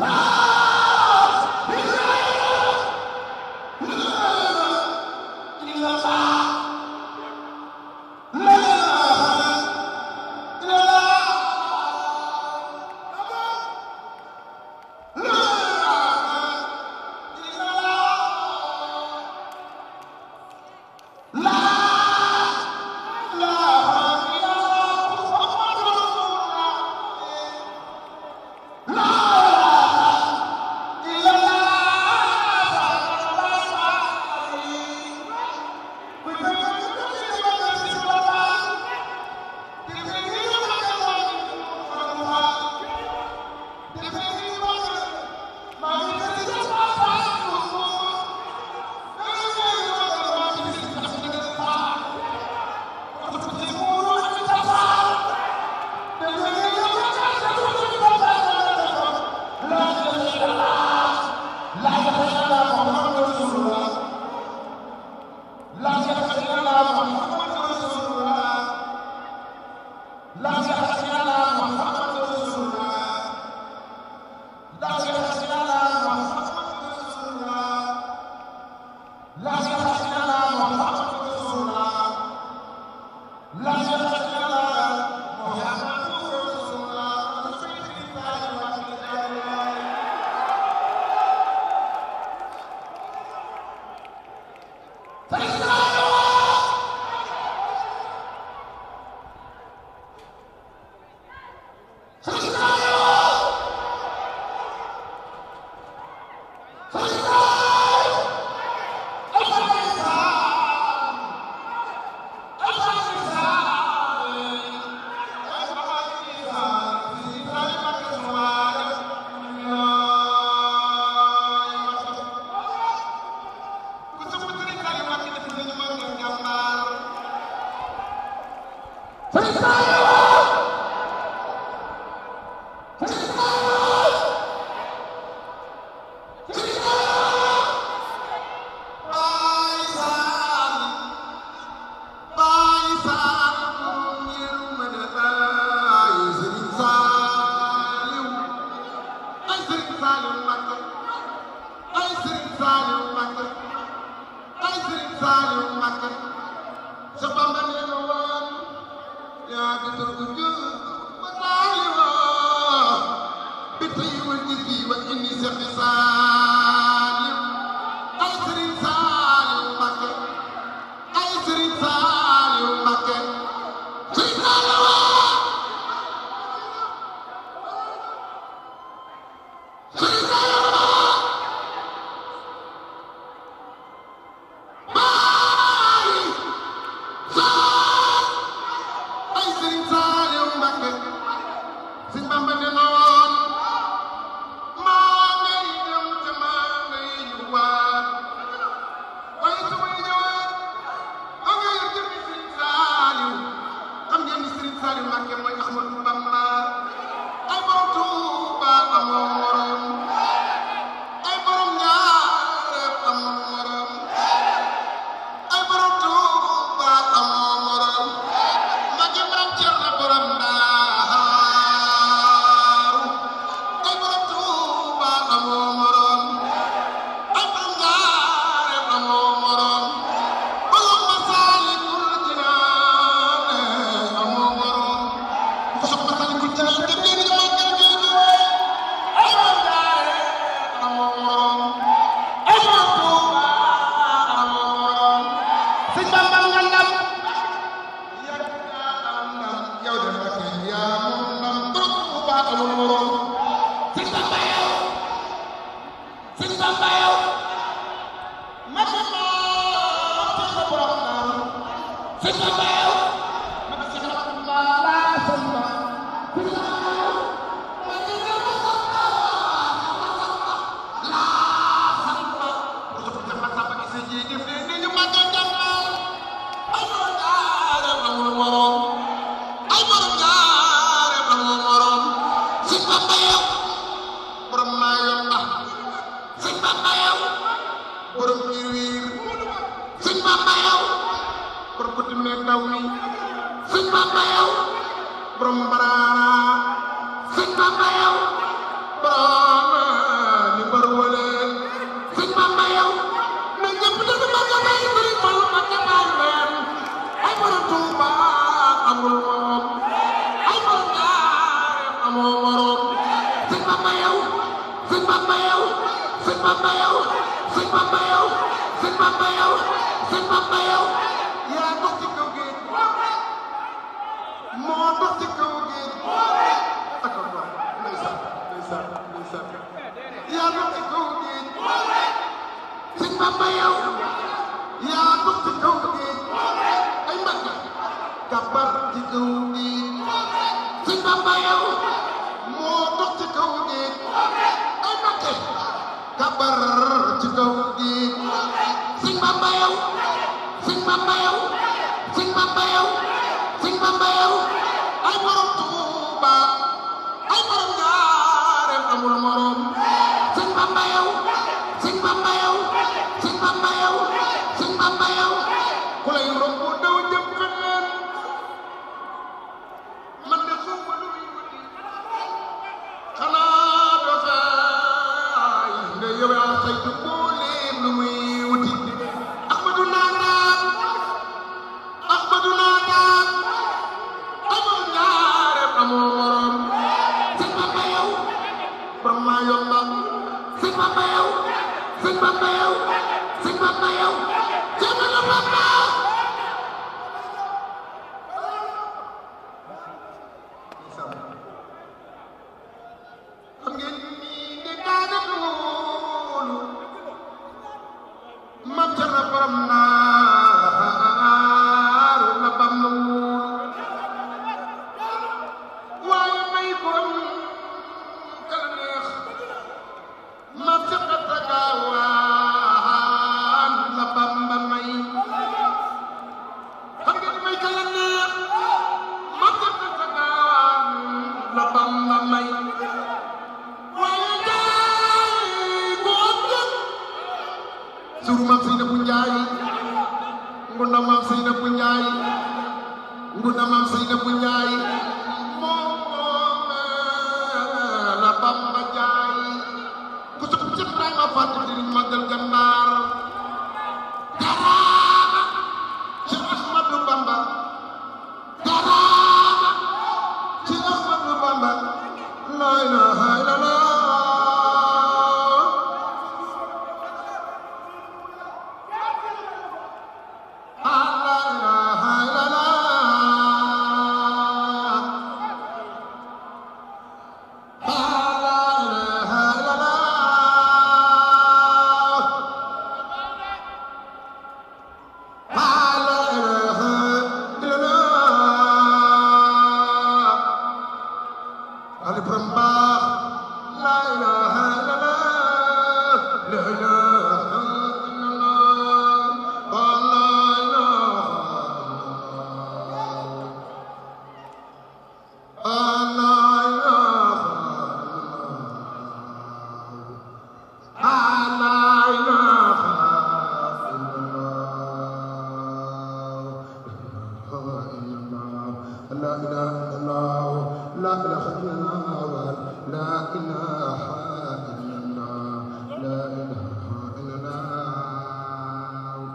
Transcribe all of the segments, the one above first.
waaw Freestyle! الفصال Bye. ndaw mi sëñ Bamba yow borom baraana sëñ Bamba yow baraana ni bar wale sëñ Bamba yow na ñëpp dëgg Màggal ay bëri mal Màggal ay leen ay borom Tuuba amul moom ay borom daare amoo morom sëñ Bamba yow sëñ Bamba yow sëñ Bamba yow sëñ Bamba yow sëñ Bamba yow sëñ Bamba yow sëñ Bamba yow yaa bëgg ci kaw géej ay mag kabar ci kaw géej sëñ Bamba yow moo dox ci kaw géej ay mag kabar ci kaw géej sëñ Bamba yow sëñ Bamba yow sëñ Bamba yow sëñ Bamba yow ay sëñ Bamba yow sëñ Bamba yow sëñ Bamba yow Njaay ngunda maam Seynabu Njaay ngunda maam Seynabu Njaay moom moom la Bamba Njaay ku sopp ci Ibrahima fàtte di magal gannaar لا إله إلا الله لا إله إلا الله لا إله إلا الله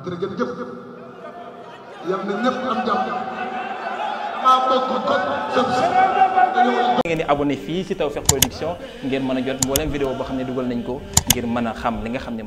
jërëjëf jëf yal na ñëpp am jàmm maa si ngeen di abonné fii ci Tawfekh Production ngeen mën a jot mboolem vidéo boo xam ne dugal nañ ko ngir mën a xam li nga xam ne